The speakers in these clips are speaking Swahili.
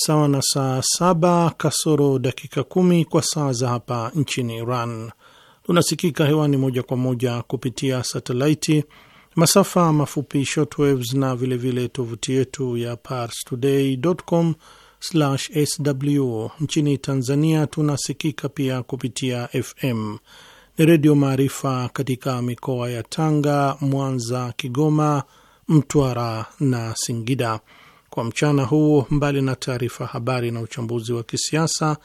sawa na saa saba kasoro dakika kumi kwa saa za hapa nchini Iran. Tunasikika hewani moja kwa moja kupitia satelaiti, masafa mafupi shortwaves, na vilevile tovuti yetu ya pars parstoday.com sw. Nchini Tanzania tunasikika pia kupitia FM ni Redio Maarifa katika mikoa ya Tanga, Mwanza, Kigoma, Mtwara na Singida kwa mchana huu, mbali na taarifa habari na uchambuzi wa kisiasa,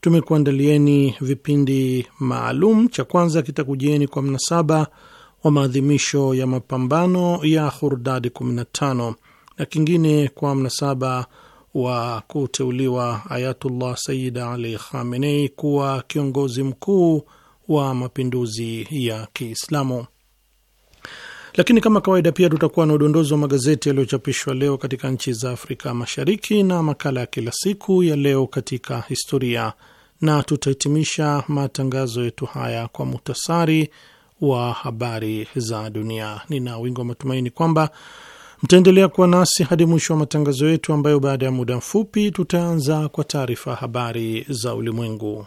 tumekuandalieni vipindi maalum. Cha kwanza kitakujieni kwa mnasaba wa maadhimisho ya mapambano ya Khurdadi 15 na kingine kwa mnasaba wa kuteuliwa Ayatullah Sayyid Ali Khamenei kuwa kiongozi mkuu wa mapinduzi ya Kiislamu. Lakini kama kawaida, pia tutakuwa na udondozi wa magazeti yaliyochapishwa leo katika nchi za Afrika Mashariki na makala ya kila siku ya leo katika historia, na tutahitimisha matangazo yetu haya kwa muhtasari wa habari za dunia. Nina wingi wa matumaini kwamba mtaendelea kuwa nasi hadi mwisho wa matangazo yetu, ambayo baada ya muda mfupi tutaanza kwa taarifa habari za ulimwengu.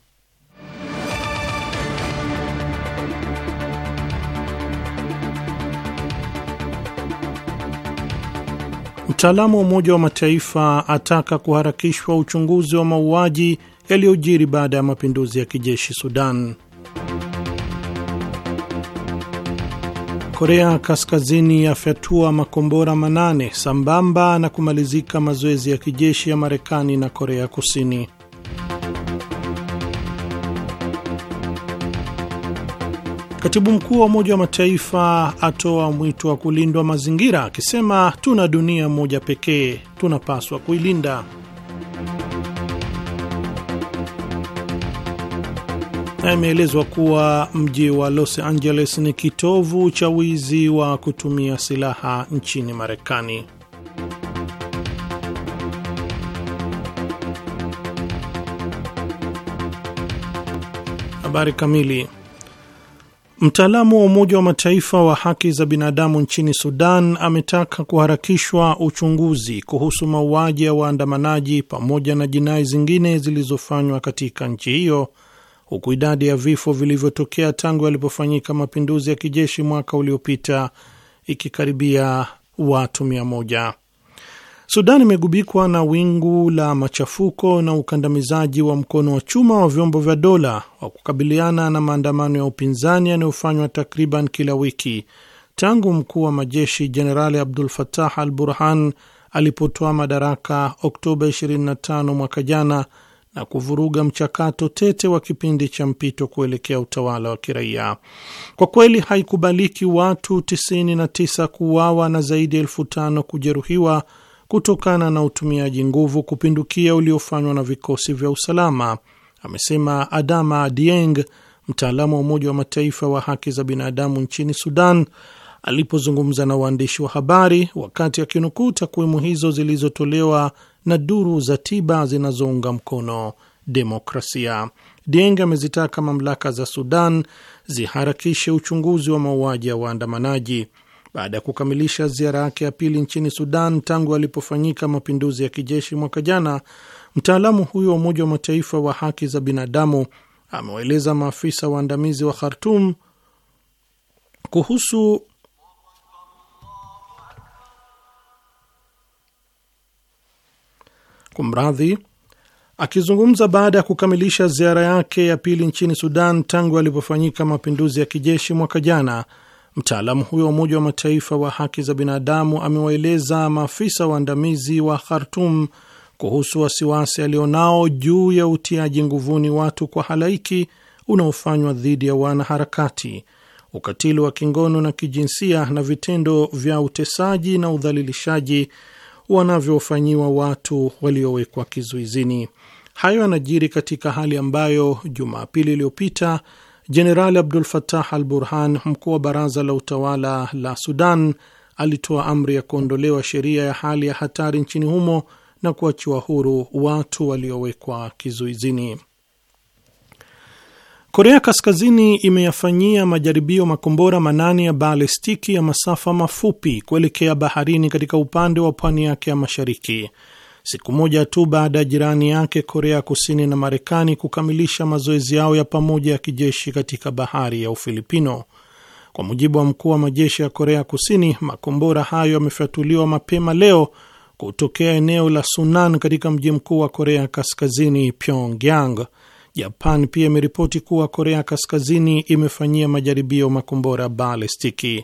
Mtaalamu wa Umoja wa Mataifa ataka kuharakishwa uchunguzi wa mauaji yaliyojiri baada ya mapinduzi ya kijeshi Sudan. Korea Kaskazini yafyatua makombora manane sambamba na kumalizika mazoezi ya kijeshi ya Marekani na Korea Kusini. Katibu mkuu wa Umoja wa Mataifa atoa mwito wa kulindwa mazingira akisema tuna dunia moja pekee, tunapaswa kuilinda. Na imeelezwa kuwa mji wa Los Angeles ni kitovu cha wizi wa kutumia silaha nchini Marekani. Habari kamili Mtaalamu wa Umoja wa Mataifa wa haki za binadamu nchini Sudan ametaka kuharakishwa uchunguzi kuhusu mauaji ya waandamanaji pamoja na jinai zingine zilizofanywa katika nchi hiyo, huku idadi ya vifo vilivyotokea tangu yalipofanyika mapinduzi ya kijeshi mwaka uliopita ikikaribia watu mia moja. Sudan imegubikwa na wingu la machafuko na ukandamizaji wa mkono wa chuma wa vyombo vya dola wa kukabiliana na maandamano ya upinzani yanayofanywa takriban kila wiki tangu mkuu wa majeshi Jenerali Abdul fatah al Burhan alipotoa madaraka Oktoba 25 mwaka jana na kuvuruga mchakato tete wa kipindi cha mpito kuelekea utawala wa kiraia. Kwa kweli haikubaliki watu 99 kuuawa na zaidi ya elfu tano kujeruhiwa kutokana na utumiaji nguvu kupindukia uliofanywa na vikosi vya usalama, amesema Adama Dieng, mtaalamu wa Umoja wa Mataifa wa haki za binadamu nchini Sudan alipozungumza na waandishi wa habari wakati akinukuu takwimu hizo zilizotolewa na duru za tiba zinazounga mkono demokrasia. Dieng amezitaka mamlaka za Sudan ziharakishe uchunguzi wa mauaji ya waandamanaji baada ya kukamilisha ziara yake ya pili nchini Sudan tangu alipofanyika mapinduzi ya kijeshi mwaka jana. Mtaalamu huyo wa Umoja wa Mataifa wa haki za binadamu amewaeleza maafisa waandamizi wa Khartum kuhusu kumradhi. Akizungumza baada ya kukamilisha ziara yake ya pili nchini Sudan tangu alipofanyika mapinduzi ya kijeshi mwaka jana, Mtaalamu huyo wa Umoja wa Mataifa wa haki za binadamu amewaeleza maafisa waandamizi wa Khartum kuhusu wasiwasi alionao juu ya utiaji nguvuni watu kwa halaiki unaofanywa dhidi ya wanaharakati, ukatili wa kingono na kijinsia, na vitendo vya utesaji na udhalilishaji wanavyofanyiwa watu waliowekwa kizuizini. Hayo yanajiri katika hali ambayo Jumapili iliyopita Jenerali Abdul fatah al Burhan, mkuu wa baraza la utawala la Sudan, alitoa amri ya kuondolewa sheria ya hali ya hatari nchini humo na kuachiwa huru watu waliowekwa kizuizini. Korea Kaskazini imeyafanyia majaribio makombora manane ya balistiki ya masafa mafupi kuelekea baharini katika upande wa pwani yake ya mashariki siku moja tu baada ya jirani yake Korea ya Kusini na Marekani kukamilisha mazoezi yao ya pamoja ya kijeshi katika bahari ya Ufilipino. Kwa mujibu wa mkuu wa majeshi ya Korea Kusini, makombora hayo yamefyatuliwa mapema leo kutokea eneo la Sunan katika mji mkuu wa Korea Kaskazini, Pyongyang. Japan pia imeripoti kuwa Korea Kaskazini imefanyia majaribio makombora balistiki.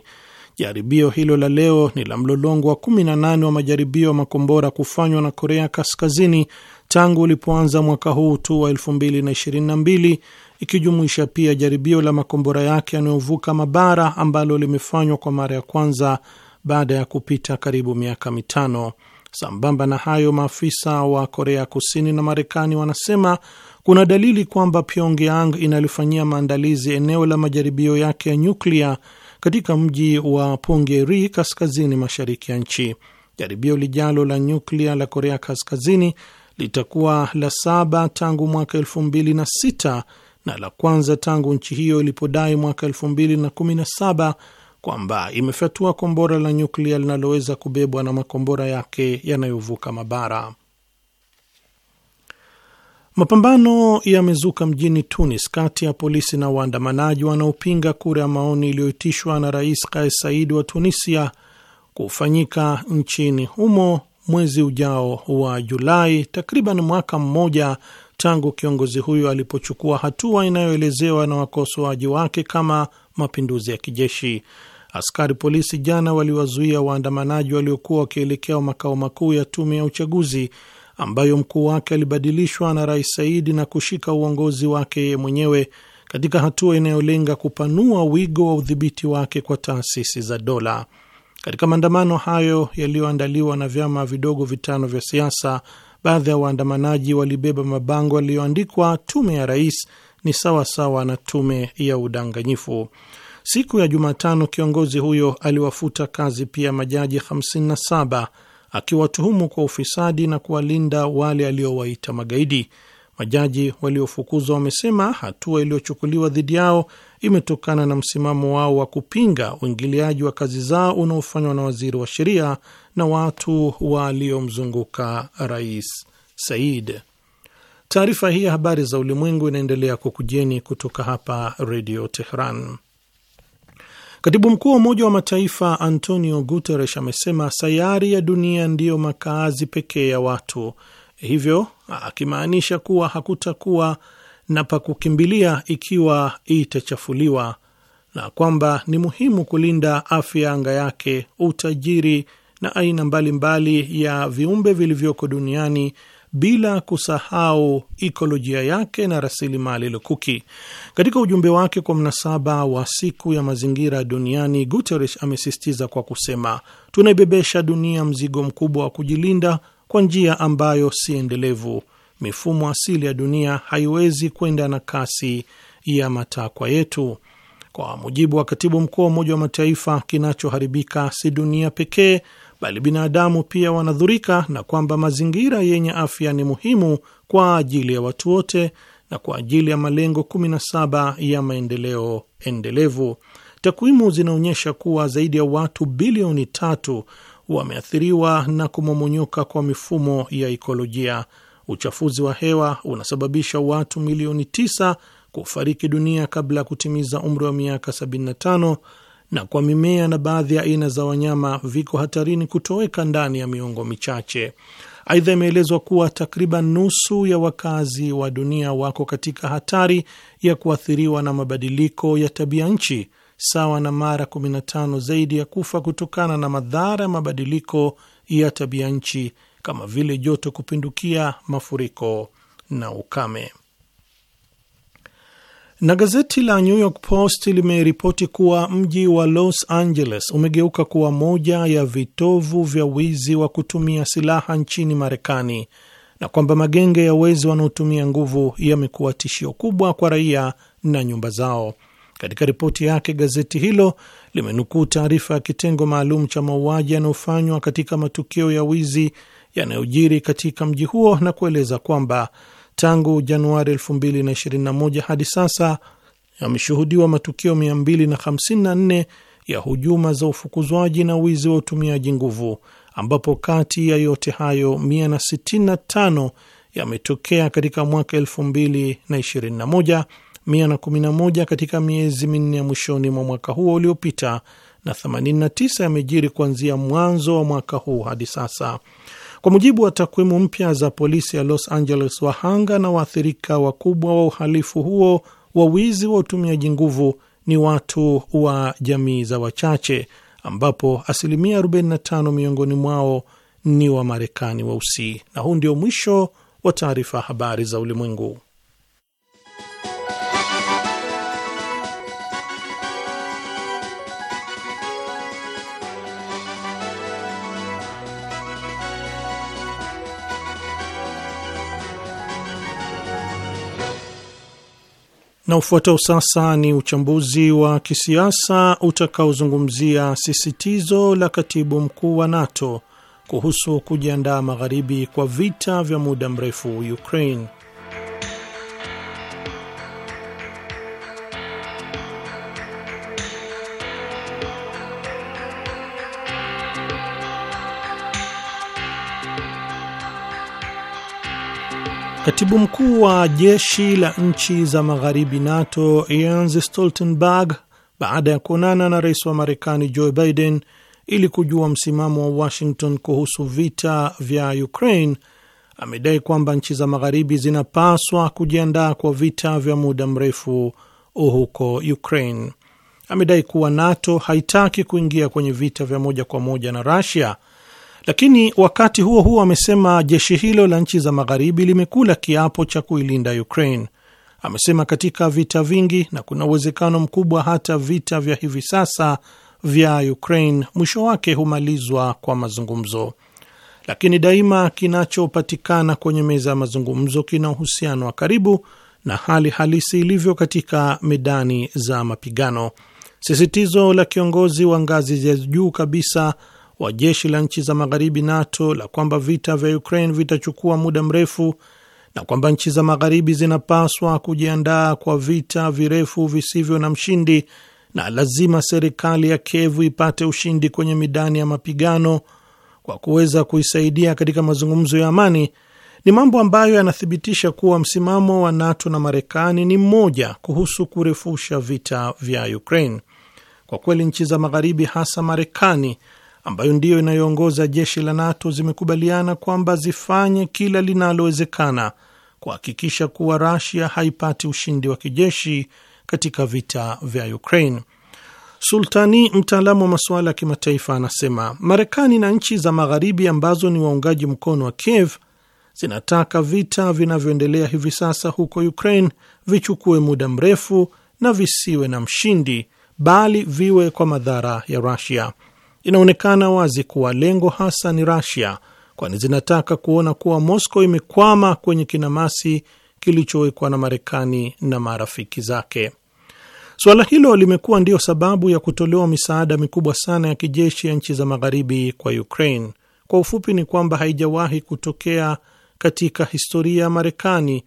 Jaribio hilo la leo ni la mlolongo wa 18 wa majaribio ya makombora kufanywa na Korea Kaskazini tangu ulipoanza mwaka huu tu wa 2022 ikijumuisha pia jaribio la makombora yake yanayovuka mabara ambalo limefanywa kwa mara ya kwanza baada ya kupita karibu miaka mitano. Sambamba na hayo, maafisa wa Korea Kusini na Marekani wanasema kuna dalili kwamba Pyongyang inalifanyia maandalizi eneo la majaribio yake ya nyuklia katika mji wa Pongeri, kaskazini mashariki ya nchi. Jaribio lijalo la nyuklia la Korea Kaskazini litakuwa la saba tangu mwaka elfu mbili na sita na la kwanza tangu nchi hiyo ilipodai mwaka elfu mbili na kumi na saba kwamba imefyatua kombora la nyuklia linaloweza kubebwa na makombora yake yanayovuka mabara. Mapambano yamezuka mjini Tunis kati ya polisi na waandamanaji wanaopinga kura ya maoni iliyoitishwa na Rais Kais Saied wa Tunisia kufanyika nchini humo mwezi ujao wa Julai, takriban mwaka mmoja tangu kiongozi huyo alipochukua hatua inayoelezewa na wakosoaji wake kama mapinduzi ya kijeshi. Askari polisi jana waliwazuia waandamanaji waliokuwa wakielekea makao makuu ya tume ya uchaguzi ambayo mkuu wake alibadilishwa na Rais Saidi na kushika uongozi wake yeye mwenyewe katika hatua inayolenga kupanua wigo wa udhibiti wake kwa taasisi za dola. Katika maandamano hayo yaliyoandaliwa na vyama vidogo vitano vya siasa, baadhi ya waandamanaji walibeba mabango yaliyoandikwa tume ya rais ni sawa sawa na tume ya udanganyifu. Siku ya Jumatano, kiongozi huyo aliwafuta kazi pia majaji 57 akiwatuhumu kwa ufisadi na kuwalinda wale aliowaita magaidi. Majaji waliofukuzwa wamesema hatua iliyochukuliwa dhidi yao imetokana na msimamo wao wa kupinga uingiliaji wa kazi zao unaofanywa na waziri wa sheria na watu waliomzunguka Rais Said. Taarifa hii ya habari za ulimwengu inaendelea kukujeni kutoka hapa Redio Tehran. Katibu mkuu wa Umoja wa Mataifa Antonio Guterres amesema sayari ya dunia ndiyo makaazi pekee ya watu, hivyo akimaanisha kuwa hakutakuwa na pa kukimbilia ikiwa itachafuliwa na kwamba ni muhimu kulinda afya ya anga yake, utajiri na aina mbalimbali mbali ya viumbe vilivyoko duniani bila kusahau ikolojia yake na rasilimali lukuki. Katika ujumbe wake kwa mnasaba wa siku ya mazingira duniani, Guterres amesisitiza kwa kusema, tunaibebesha dunia mzigo mkubwa wa kujilinda kwa njia ambayo si endelevu. Mifumo asili ya dunia haiwezi kwenda na kasi ya matakwa yetu. Kwa mujibu wa katibu mkuu wa Umoja wa Mataifa, kinachoharibika si dunia pekee bali binadamu pia wanadhurika na kwamba mazingira yenye afya ni muhimu kwa ajili ya watu wote na kwa ajili ya malengo 17 ya maendeleo endelevu. Takwimu zinaonyesha kuwa zaidi ya watu bilioni tatu wameathiriwa na kumomonyoka kwa mifumo ya ikolojia. Uchafuzi wa hewa unasababisha watu milioni tisa kufariki dunia kabla ya kutimiza umri wa miaka 75 na kwa mimea na baadhi ya aina za wanyama viko hatarini kutoweka ndani ya miongo michache. Aidha, imeelezwa kuwa takriban nusu ya wakazi wa dunia wako katika hatari ya kuathiriwa na mabadiliko ya tabia nchi, sawa na mara 15 zaidi ya kufa kutokana na madhara ya mabadiliko ya tabia nchi kama vile joto kupindukia, mafuriko na ukame. Na gazeti la New York Post limeripoti kuwa mji wa Los Angeles umegeuka kuwa moja ya vitovu vya wizi wa kutumia silaha nchini Marekani na kwamba magenge ya wezi wanaotumia nguvu yamekuwa tishio kubwa kwa raia na nyumba zao. Katika ripoti yake, gazeti hilo limenukuu taarifa ya kitengo maalum cha mauaji yanayofanywa katika matukio ya wizi yanayojiri katika mji huo na kueleza kwamba tangu Januari 2021 hadi sasa yameshuhudiwa matukio 254 ya hujuma za ufukuzwaji na wizi wa utumiaji nguvu, ambapo kati ya yote hayo 165 yametokea katika mwaka 2021, 111 katika miezi minne ya mwishoni mwa mwaka huo uliopita, na 89 yamejiri kuanzia mwanzo wa mwaka huu hadi sasa. Kwa mujibu wa takwimu mpya za polisi ya Los Angeles, wahanga na waathirika wakubwa wa uhalifu huo wa wizi wa utumiaji nguvu ni watu wa jamii za wachache, ambapo asilimia 45 miongoni mwao ni Wamarekani weusi wa. Na huu ndio mwisho wa taarifa habari za ulimwengu. Na ufuatao sasa ni uchambuzi wa kisiasa utakaozungumzia sisitizo la katibu mkuu wa NATO kuhusu kujiandaa magharibi kwa vita vya muda mrefu Ukraine. Katibu mkuu wa jeshi la nchi za magharibi NATO Jens Stoltenberg, baada ya kuonana na rais wa Marekani Joe Biden ili kujua msimamo wa Washington kuhusu vita vya Ukraine, amedai kwamba nchi za magharibi zinapaswa kujiandaa kwa vita vya muda mrefu huko Ukraine. Amedai kuwa NATO haitaki kuingia kwenye vita vya moja kwa moja na Russia lakini wakati huo huo, amesema jeshi hilo la nchi za magharibi limekula kiapo cha kuilinda Ukraine. Amesema katika vita vingi na kuna uwezekano mkubwa hata vita vya hivi sasa vya Ukraine mwisho wake humalizwa kwa mazungumzo, lakini daima kinachopatikana kwenye meza ya mazungumzo kina uhusiano wa karibu na hali halisi ilivyo katika medani za mapigano. Sisitizo la kiongozi wa ngazi za juu kabisa wa jeshi la nchi za magharibi NATO la kwamba vita vya Ukraine vitachukua muda mrefu na kwamba nchi za magharibi zinapaswa kujiandaa kwa vita virefu visivyo na mshindi na lazima serikali ya kevu ipate ushindi kwenye midani ya mapigano kwa kuweza kuisaidia katika mazungumzo ya amani, ni mambo ambayo yanathibitisha kuwa msimamo wa NATO na Marekani ni mmoja kuhusu kurefusha vita vya Ukraine. Kwa kweli nchi za magharibi hasa Marekani ambayo ndiyo inayoongoza jeshi la NATO zimekubaliana kwamba zifanye kila linalowezekana kuhakikisha kuwa rasia haipati ushindi wa kijeshi katika vita vya Ukraine. Sultani, mtaalamu wa masuala ya kimataifa, anasema Marekani na nchi za Magharibi ambazo ni waungaji mkono wa Kiev zinataka vita vinavyoendelea hivi sasa huko Ukraine vichukue muda mrefu na visiwe na mshindi, bali viwe kwa madhara ya rusia Inaonekana wazi kuwa lengo hasa ni Rasia, kwani zinataka kuona kuwa Moscow imekwama kwenye kinamasi kilichowekwa na Marekani na marafiki zake. Suala hilo limekuwa ndiyo sababu ya kutolewa misaada mikubwa sana ya kijeshi ya nchi za magharibi kwa Ukraine. Kwa ufupi, ni kwamba haijawahi kutokea katika historia ya Marekani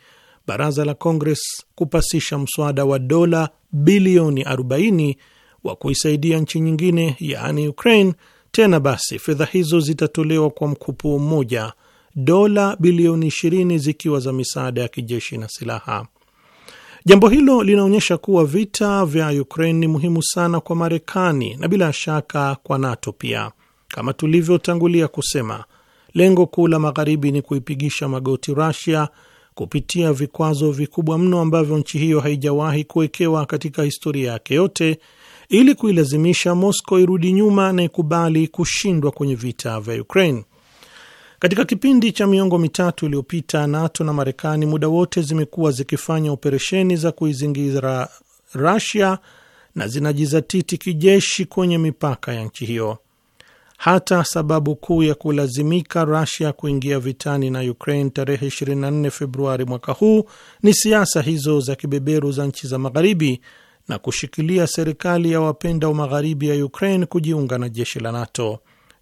baraza la Congress kupasisha mswada wa dola bilioni 40 wa kuisaidia nchi nyingine, yaani Ukraine. Tena basi, fedha hizo zitatolewa kwa mkupuo mmoja, dola bilioni 20 zikiwa za misaada ya kijeshi na silaha. Jambo hilo linaonyesha kuwa vita vya Ukraine ni muhimu sana kwa Marekani na bila shaka kwa NATO pia. Kama tulivyotangulia kusema, lengo kuu la Magharibi ni kuipigisha magoti rasia kupitia vikwazo vikubwa mno ambavyo nchi hiyo haijawahi kuwekewa katika historia yake yote ili kuilazimisha Moscow irudi nyuma na ikubali kushindwa kwenye vita vya Ukraine. Katika kipindi cha miongo mitatu iliyopita, NATO na Marekani muda wote zimekuwa zikifanya operesheni za kuizingira rasia na zinajizatiti kijeshi kwenye mipaka ya nchi hiyo. Hata sababu kuu ya kulazimika rasia kuingia vitani na Ukraine tarehe 24 Februari mwaka huu ni siasa hizo za kibeberu za nchi za Magharibi na kushikilia serikali ya wapenda wa magharibi ya Ukraine kujiunga na jeshi la NATO.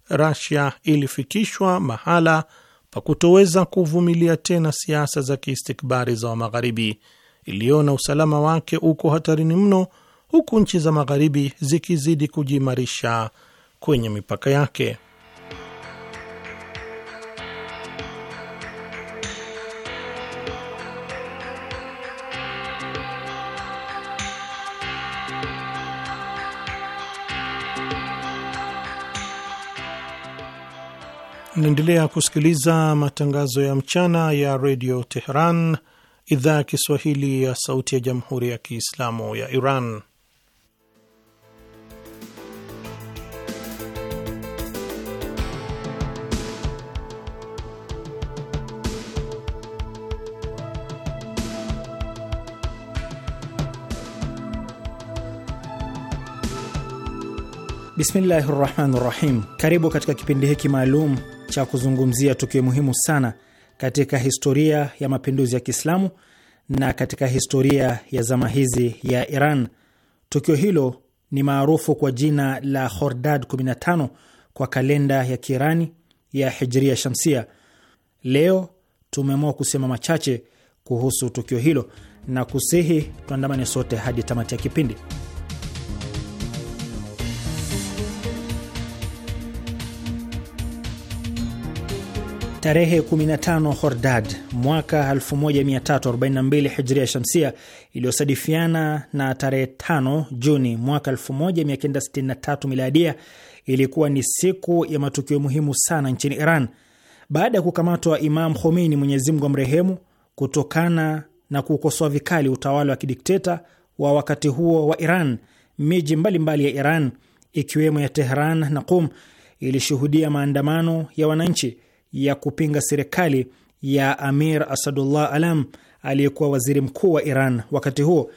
rasia ilifikishwa mahala pa kutoweza kuvumilia tena siasa za kiistikbari za Wamagharibi. Iliona usalama wake uko hatarini mno, huku nchi za Magharibi zikizidi kujiimarisha kwenye mipaka yake. Mnaendelea kusikiliza matangazo ya mchana ya redio Teheran, idhaa ya Kiswahili ya sauti ya jamhuri ya Kiislamu ya Iran. Bismillahi rahmani rahim. Karibu katika kipindi hiki maalum cha kuzungumzia tukio muhimu sana katika historia ya mapinduzi ya Kiislamu na katika historia ya zama hizi ya Iran. Tukio hilo ni maarufu kwa jina la Hordad 15 kwa kalenda ya Kiirani ya Hijria Shamsia. Leo tumeamua kusema machache kuhusu tukio hilo na kusihi tuandamane sote hadi tamati ya kipindi. Tarehe 15 Hordad mwaka 1342 Hijria Shamsia, iliyosadifiana na tarehe 5 Juni mwaka 1963 Miladia, ilikuwa ni siku ya matukio muhimu sana nchini Iran. Baada ya kukamatwa Imam Khomeini, Mwenyezi Mungu amrehemu, kutokana na kukosoa vikali utawala wa kidikteta wa wakati huo wa Iran, miji mbalimbali ya Iran ikiwemo ya Tehran na Qum ilishuhudia maandamano ya wananchi ya kupinga serikali ya Amir Asadullah Alam aliyekuwa waziri mkuu wa Iran wakati huo.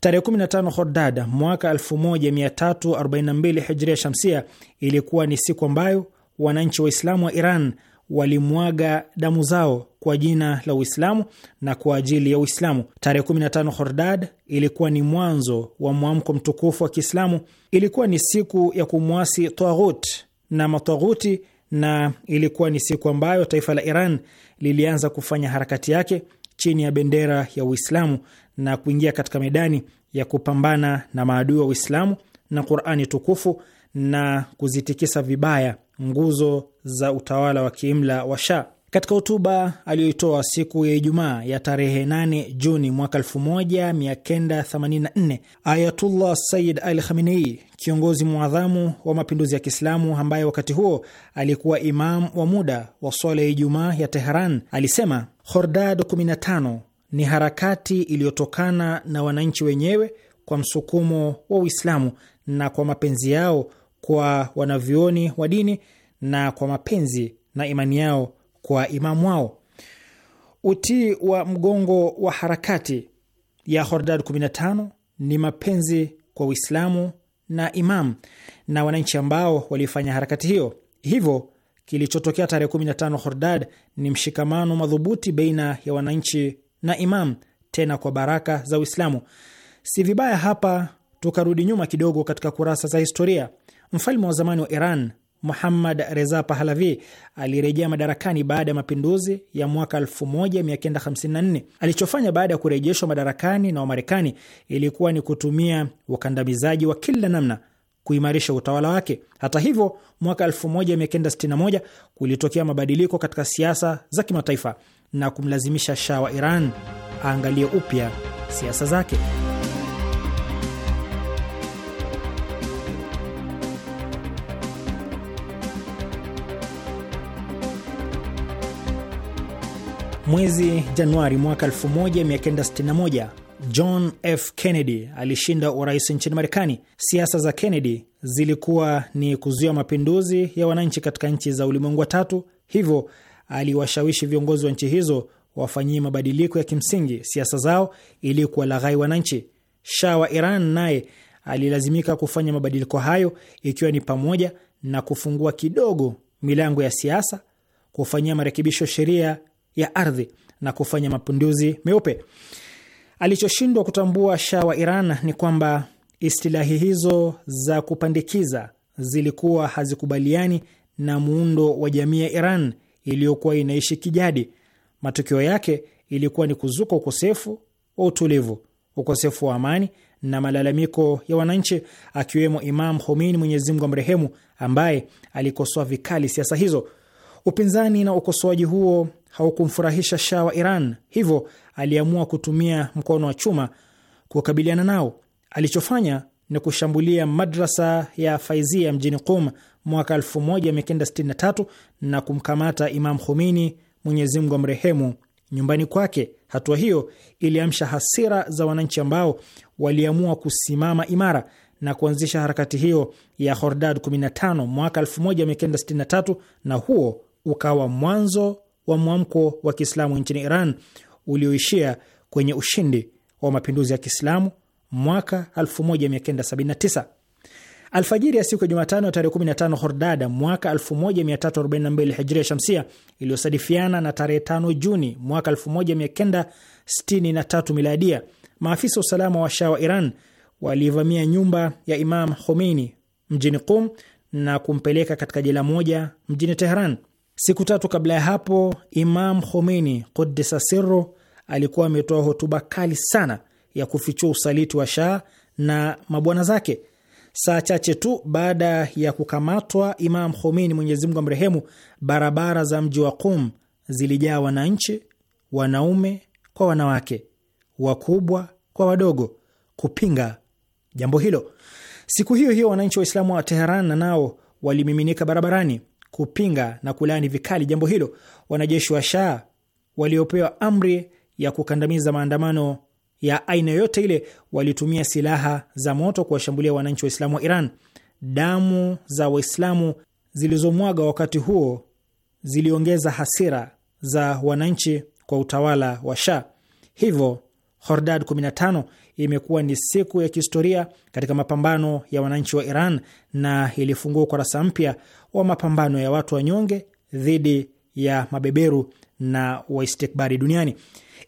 Tarehe 15 Hordada mwaka 1342 Hijria Shamsia ilikuwa ni siku ambayo wananchi Waislamu wa Iran walimwaga damu zao kwa jina la Uislamu na kwa ajili ya Uislamu. Tarehe 15 Hordad ilikuwa ni mwanzo wa mwamko mtukufu wa Kiislamu. Ilikuwa ni siku ya kumwasi taghut na mataghuti na ilikuwa ni siku ambayo taifa la Iran lilianza kufanya harakati yake chini ya bendera ya Uislamu na kuingia katika medani ya kupambana na maadui wa Uislamu na Qur'ani tukufu na kuzitikisa vibaya nguzo za utawala wa kiimla wa sha Katika hotuba aliyoitoa siku ya Ijumaa ya tarehe 8 Juni mwaka 1984, Ayatullah Sayyid Al Khamenei kiongozi mwadhamu wa mapinduzi ya Kiislamu ambaye wakati huo alikuwa imam wa muda wa swala ya Ijumaa ya Teheran, alisema Khordad 15 ni harakati iliyotokana na wananchi wenyewe kwa msukumo wa Uislamu na kwa mapenzi yao kwa wanavyuoni wa dini na kwa mapenzi na imani yao kwa imamu wao. Utii wa mgongo wa harakati ya Hordad 15 ni mapenzi kwa Uislamu na Imam na wananchi ambao walifanya harakati hiyo. Hivyo kilichotokea tarehe 15 Hordad ni mshikamano madhubuti baina ya wananchi na Imam, tena kwa baraka za Uislamu. Si vibaya hapa tukarudi nyuma kidogo katika kurasa za historia. Mfalme wa zamani wa Iran Muhammad Reza Pahlavi alirejea madarakani baada ya mapinduzi ya mwaka 1954. Alichofanya baada ya kurejeshwa madarakani na Wamarekani ilikuwa ni kutumia wakandamizaji wa kila namna kuimarisha utawala wake. Hata hivyo, mwaka 1961 kulitokea mabadiliko katika siasa za kimataifa na kumlazimisha Shah wa Iran aangalie upya siasa zake. Mwezi Januari mwaka 1961 John F. Kennedy alishinda urais nchini Marekani. Siasa za Kennedy zilikuwa ni kuzuia mapinduzi ya wananchi katika nchi za ulimwengu wa tatu, hivyo aliwashawishi viongozi wa nchi hizo wafanyie mabadiliko ya kimsingi siasa zao ili kuwalaghai wananchi. Shah wa Iran naye alilazimika kufanya mabadiliko hayo, ikiwa ni pamoja na kufungua kidogo milango ya siasa, kufanyia marekebisho sheria ya ardhi na kufanya mapinduzi meupe. Alichoshindwa kutambua Shah wa Iran ni kwamba istilahi hizo za kupandikiza zilikuwa hazikubaliani na muundo wa jamii ya Iran iliyokuwa inaishi kijadi. Matokeo yake ilikuwa ni kuzuka ukosefu wa utulivu, ukosefu wa amani na malalamiko ya wananchi, akiwemo Imam Khomeini, Mwenyezi Mungu amrehemu, ambaye alikosoa vikali siasa hizo. Upinzani na ukosoaji huo haukumfurahisha Shah wa Iran, hivyo aliamua kutumia mkono wa chuma kukabiliana nao. Alichofanya ni kushambulia madrasa ya Faizia mjini Qum mwaka 1963 na kumkamata Imam Khomeini, Mwenyezi Mungu amrehemu, nyumbani kwake. Hatua hiyo iliamsha hasira za wananchi ambao waliamua kusimama imara na kuanzisha harakati hiyo ya Hordad 15 mwaka 1963, na huo ukawa mwanzo wa mwamko wa Kiislamu nchini Iran ulioishia kwenye ushindi wa mapinduzi ya Kiislamu mwaka 1979. Alfajiri ya siku ya Jumatano ya tarehe 15 Hordada mwaka 1342 Hijria Shamsia, iliyosadifiana na tarehe 5 Juni mwaka 1963 Miladia, maafisa wa usalama wa Shah wa Iran walivamia nyumba ya Imam Khomeini mjini Qum na kumpeleka katika jela moja mjini Tehran. Siku tatu kabla ya hapo, Imam Khomeini kudisa Sirru alikuwa ametoa hotuba kali sana ya kufichua usaliti wa Shah na mabwana zake. Saa chache tu baada ya kukamatwa Imam Khomeini, Mwenyezi Mungu amrehemu, barabara za mji wa Qum zilijaa wananchi, wanaume kwa wanawake, wakubwa kwa wadogo, kupinga jambo hilo. Siku hiyo hiyo wananchi Waislamu wa Teheran na nao walimiminika barabarani kupinga na kulaani vikali jambo hilo. Wanajeshi wa Shah waliopewa amri ya kukandamiza maandamano ya aina yoyote ile walitumia silaha za moto kuwashambulia wananchi Waislamu wa Iran. Damu za Waislamu zilizomwaga wakati huo ziliongeza hasira za wananchi kwa utawala wa Shah. Hivyo Hordad 15 imekuwa ni siku ya kihistoria katika mapambano ya wananchi wa Iran na ilifungua ukurasa mpya wa mapambano ya watu wanyonge dhidi ya mabeberu na waistikbari duniani.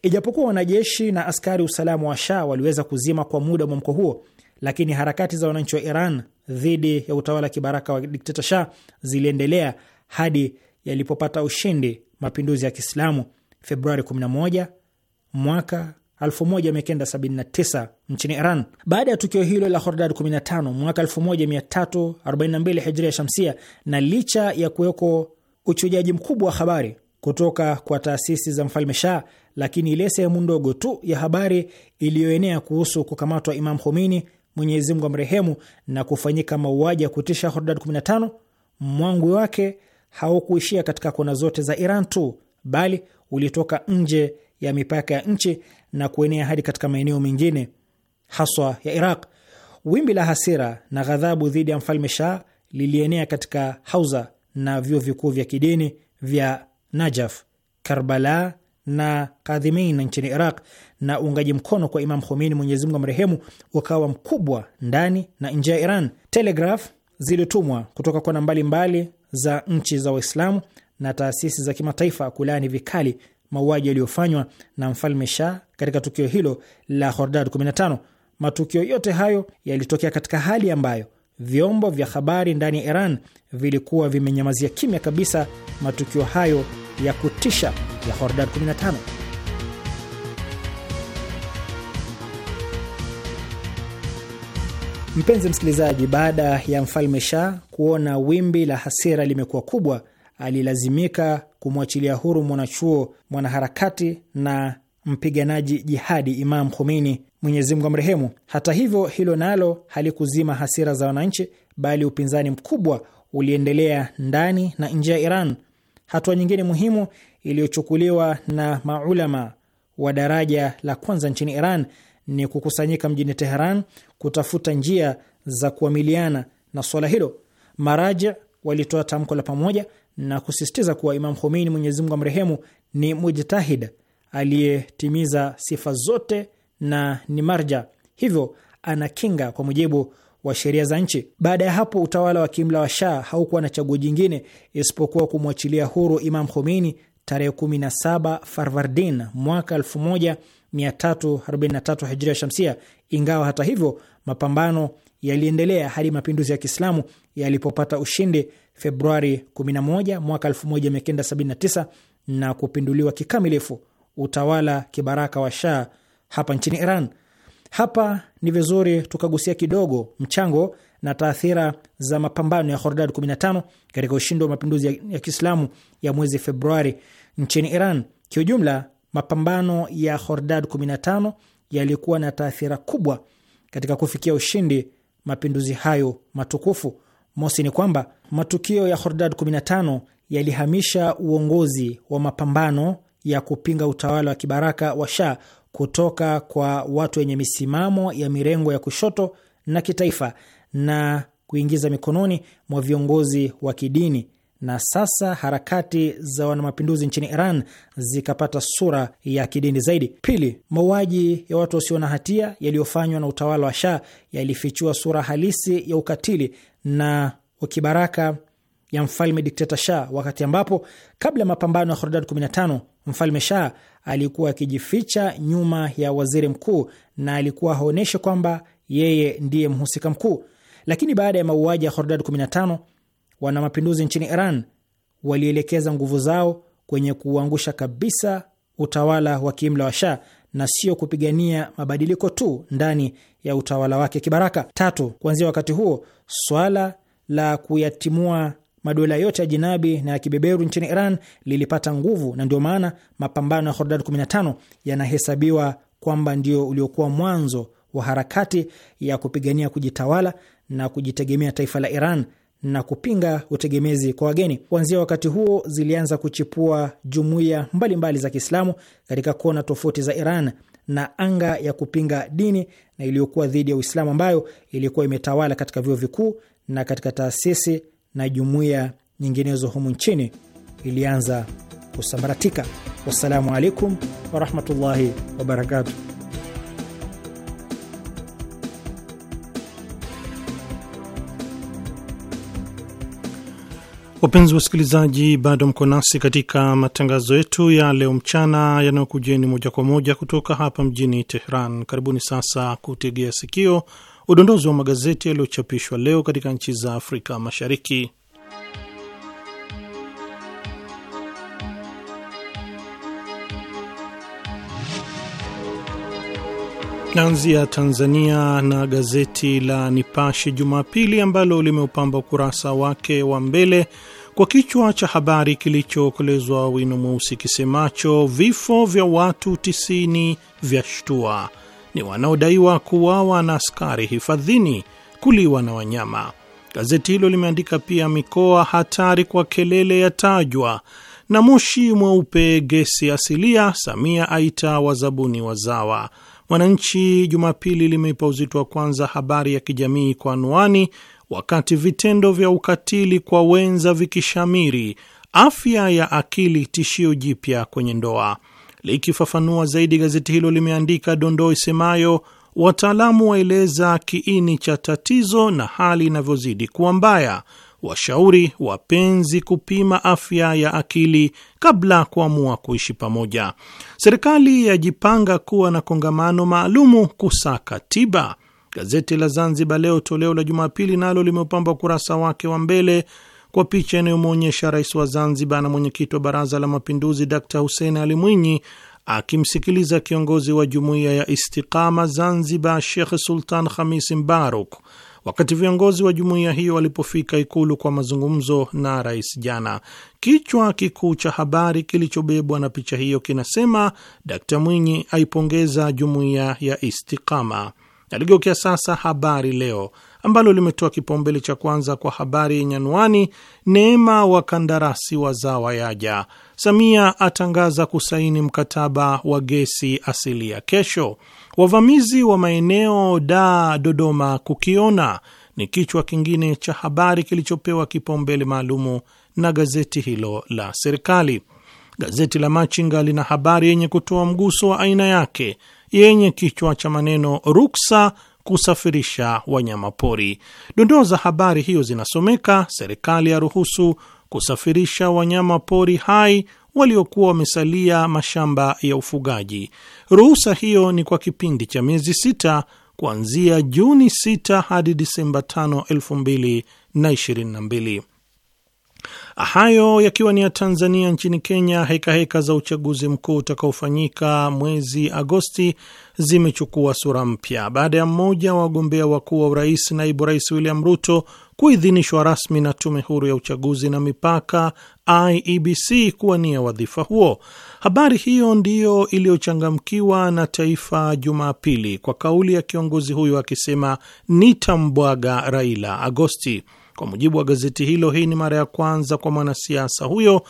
Ijapokuwa wanajeshi na askari usalama wa Shah waliweza kuzima kwa muda mwamko huo, lakini harakati za wananchi wa Iran dhidi ya utawala kibaraka wa dikteta Shah ziliendelea hadi yalipopata ushindi mapinduzi ya Kiislamu Februari 11 mwaka 1979 nchini Iran. Baada ya tukio hilo la Hordad 15 mwaka 1342 hijria shamsia, na licha ya kuweko uchujaji mkubwa wa habari kutoka kwa taasisi za mfalme Shah, lakini ile sehemu ndogo tu ya habari iliyoenea kuhusu kukamatwa Imam Khomeini, Mwenyezi Mungu amrehemu, na kufanyika mauaji ya kutisha Hordad 15, mwangwi wake haukuishia katika kona zote za Iran tu, bali ulitoka nje ya mipaka ya nchi na kuenea hadi katika maeneo mengine haswa ya Iraq. Wimbi la hasira na ghadhabu dhidi ya mfalme Shah lilienea katika hauza na vyuo vikuu vya kidini vya Najaf, Karbala na Kadhimin nchini Iraq, na uungaji mkono kwa Imam Khomeini, Mwenyezi Mungu amrehemu, ukawa mkubwa ndani na nje ya Iran. Telegraf zilitumwa kutoka kona mbalimbali za nchi za Waislamu na taasisi za kimataifa kulaani vikali mauaji yaliyofanywa na mfalme Shah katika tukio hilo la Hordad 15. Matukio yote hayo yalitokea katika hali ambayo vyombo vya habari ndani ya Iran vilikuwa vimenyamazia kimya kabisa matukio hayo ya kutisha ya Hordad 15. Mpenzi msikilizaji, baada ya mfalme Shah kuona wimbi la hasira limekuwa kubwa alilazimika kumwachilia huru mwanachuo, mwanaharakati na mpiganaji jihadi Imam Khomeini, Mwenyezi Mungu amrehemu. Hata hivyo, hilo nalo halikuzima hasira za wananchi, bali upinzani mkubwa uliendelea ndani na nje ya Iran. Hatua nyingine muhimu iliyochukuliwa na maulama wa daraja la kwanza nchini Iran ni kukusanyika mjini Teheran kutafuta njia za kuamiliana na swala hilo. Maraji walitoa tamko la pamoja na kusisitiza kuwa Imam Khomeini, Mwenyezi Mungu amrehemu, ni mujtahid aliyetimiza sifa zote na ni marja, hivyo ana kinga kwa mujibu wa sheria za nchi. Baada ya hapo, utawala wa kiimla wa Shah haukuwa na chaguo jingine isipokuwa kumwachilia huru Imam Khomeini tarehe 17 Farvardin mwaka 1343 Hijria Shamsia, ingawa hata hivyo mapambano yaliendelea hadi mapinduzi ya Kiislamu yalipopata ushindi Februari 11 mwaka 1979 na kupinduliwa kikamilifu utawala kibaraka wa Shah hapa nchini Iran. Hapa ni vizuri tukagusia kidogo mchango na taathira za mapambano ya Hordad 15 katika ushindi wa mapinduzi ya Kiislamu ya mwezi Februari nchini Iran. Kiujumla, mapambano ya Hordad 15 yalikuwa na taathira kubwa katika kufikia ushindi mapinduzi hayo matukufu. Mosi ni kwamba matukio ya Hordad 15 yalihamisha uongozi wa mapambano ya kupinga utawala wa kibaraka wa Shah kutoka kwa watu wenye misimamo ya mirengo ya kushoto na kitaifa na kuingiza mikononi mwa viongozi wa kidini na sasa harakati za wanamapinduzi nchini Iran zikapata sura ya kidini zaidi. Pili, mauaji ya watu wasio na hatia yaliyofanywa na utawala wa Shah yalifichua sura halisi ya ukatili na ukibaraka ya mfalme dikteta Shah, wakati ambapo kabla ya mapambano ya Khordad 15 mfalme Shah alikuwa akijificha nyuma ya waziri mkuu na alikuwa haonyeshe kwamba yeye ndiye mhusika mkuu. Lakini baada ya mauaji ya Khordad 15 wana mapinduzi nchini Iran walielekeza nguvu zao kwenye kuuangusha kabisa utawala wa kiimla wa Shah na sio kupigania mabadiliko tu ndani ya utawala wake kibaraka. Tatu, kuanzia wakati huo swala la kuyatimua madola yote ya jinabi na ya kibeberu nchini Iran lilipata nguvu, na ndio maana mapambano ya Hordad 15 yanahesabiwa kwamba ndio uliokuwa mwanzo wa harakati ya kupigania kujitawala na kujitegemea taifa la Iran na kupinga utegemezi kwa wageni. Kuanzia wakati huo zilianza kuchipua jumuiya mbalimbali za Kiislamu katika kona tofauti za Iran na anga ya kupinga dini na iliyokuwa dhidi ya Uislamu ambayo ilikuwa imetawala katika vyuo vikuu na katika taasisi na jumuiya nyinginezo humu nchini ilianza kusambaratika. Wassalamu alaikum warahmatullahi wabarakatuh. Wapenzi wasikilizaji, bado mko nasi katika matangazo yetu ya leo mchana yanayokujeni moja kwa moja kutoka hapa mjini Tehran. Karibuni sasa kutegea sikio udondozi wa magazeti yaliyochapishwa leo katika nchi za Afrika Mashariki. Naanzia Tanzania na gazeti la Nipashe Jumapili ambalo limeupamba ukurasa wake wa mbele kwa kichwa cha habari kilichookolezwa wino mweusi kisemacho vifo vya watu 90 vya shtua, ni wanaodaiwa kuuawa na askari hifadhini, kuliwa na wanyama. Gazeti hilo limeandika pia mikoa hatari kwa kelele yatajwa, na moshi mweupe gesi asilia, Samia aita wazabuni wazawa Mwananchi Jumapili limeipa uzito wa kwanza habari ya kijamii kwa anwani, wakati vitendo vya ukatili kwa wenza vikishamiri, afya ya akili tishio jipya kwenye ndoa. Likifafanua zaidi, gazeti hilo limeandika dondoo isemayo wataalamu waeleza kiini cha tatizo na hali inavyozidi kuwa mbaya washauri wapenzi kupima afya ya akili kabla kuamua kuishi pamoja. Serikali yajipanga kuwa na kongamano maalumu kusaka tiba. Gazeti la Zanzibar Leo toleo la Jumapili nalo limeupamba ukurasa wake wa mbele kwa picha inayomwonyesha rais wa Zanzibar na mwenyekiti wa Baraza la Mapinduzi Dkt Hussein Ali Mwinyi akimsikiliza kiongozi wa jumuiya ya Istiqama Zanzibar shekh Sultan Khamis Mbaruk Wakati viongozi wa jumuiya hiyo walipofika Ikulu kwa mazungumzo na rais jana, kichwa kikuu cha habari kilichobebwa na picha hiyo kinasema Dkt Mwinyi aipongeza jumuiya ya Istiqama. Naligeukia sasa Habari Leo ambalo limetoa kipaumbele cha kwanza kwa habari yenye anwani neema wa wazawa yaja, Samia atangaza kusaini mkataba wa gesi asilia kesho. Wavamizi wa maeneo da Dodoma kukiona ni kichwa kingine cha habari kilichopewa kipaumbele maalumu na gazeti hilo la serikali. Gazeti la Machinga lina habari yenye kutoa mguso wa aina yake yenye kichwa cha maneno ruksa kusafirisha wanyama pori Dondoo za habari hiyo zinasomeka: serikali ya ruhusu kusafirisha wanyama pori hai waliokuwa wamesalia mashamba ya ufugaji. Ruhusa hiyo ni kwa kipindi cha miezi sita kuanzia Juni 6 hadi Disemba 5, 2022. Hayo yakiwa ni ya Tanzania. Nchini Kenya, hekaheka heka za uchaguzi mkuu utakaofanyika mwezi Agosti zimechukua sura mpya baada ya mmoja wa wagombea wakuu wa urais, naibu rais William Ruto kuidhinishwa rasmi na Tume Huru ya Uchaguzi na Mipaka IEBC kuwania wadhifa huo. Habari hiyo ndiyo iliyochangamkiwa na Taifa Jumapili kwa kauli ya kiongozi huyo akisema, nitambwaga Raila Agosti. Kwa mujibu wa gazeti hilo, hii ni mara ya kwanza kwa mwanasiasa huyo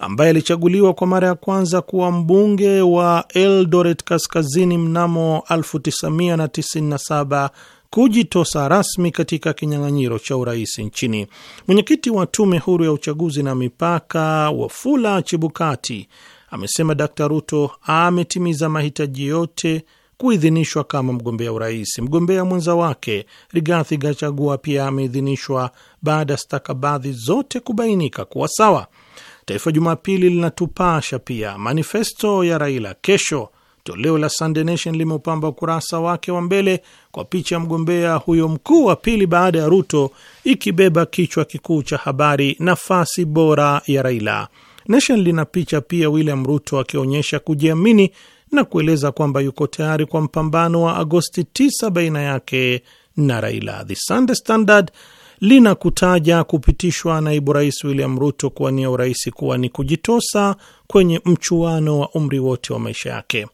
ambaye alichaguliwa kwa mara ya kwanza kuwa mbunge wa Eldoret Kaskazini mnamo 1997 kujitosa rasmi katika kinyang'anyiro cha urais nchini. Mwenyekiti wa Tume Huru ya Uchaguzi na Mipaka, Wafula chibukati amesema Dkt Ruto ametimiza mahitaji yote kuidhinishwa kama mgombea urais. Mgombea mwenza wake Rigathi Gachagua pia ameidhinishwa baada ya stakabadhi zote kubainika kuwa sawa. Taifa Jumapili linatupasha pia manifesto ya Raila kesho Toleo la Sunday Nation limeupamba ukurasa wake wa mbele kwa picha ya mgombea huyo mkuu wa pili baada ya Ruto, ikibeba kichwa kikuu cha habari, nafasi bora ya Raila. Nation lina picha pia William Ruto akionyesha kujiamini na kueleza kwamba yuko tayari kwa mpambano wa Agosti 9 baina yake na Raila. The Sunday Standard linakutaja kupitishwa naibu rais William Ruto kuwania urais kuwa ni kujitosa kwenye mchuano wa umri wote wa maisha yake,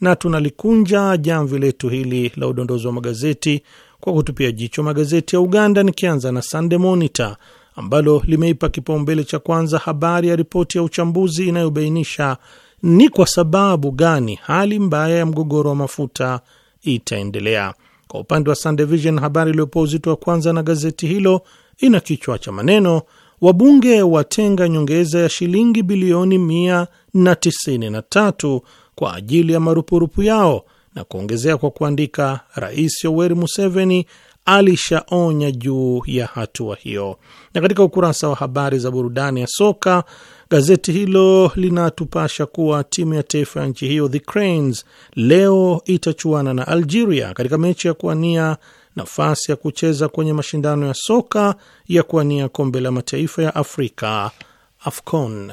na tunalikunja jamvi letu hili la udondozi wa magazeti kwa kutupia jicho magazeti ya Uganda, nikianza na Sunday Monitor ambalo limeipa kipaumbele cha kwanza habari ya ripoti ya uchambuzi inayobainisha ni kwa sababu gani hali mbaya ya mgogoro wa mafuta itaendelea. Kwa upande wa Sunday Vision, habari iliyopewa uzito wa kwanza na gazeti hilo ina kichwa cha maneno wabunge watenga nyongeza ya shilingi bilioni 193 kwa ajili ya marupurupu yao, na kuongezea kwa kuandika, Rais Yoweri Museveni alishaonya juu ya hatua hiyo. Na katika ukurasa wa habari za burudani ya soka Gazeti hilo linatupasha kuwa timu ya taifa ya nchi hiyo The Cranes leo itachuana na Algeria katika mechi ya kuania nafasi ya kucheza kwenye mashindano ya soka ya kuania kombe la mataifa ya Afrika AFCON.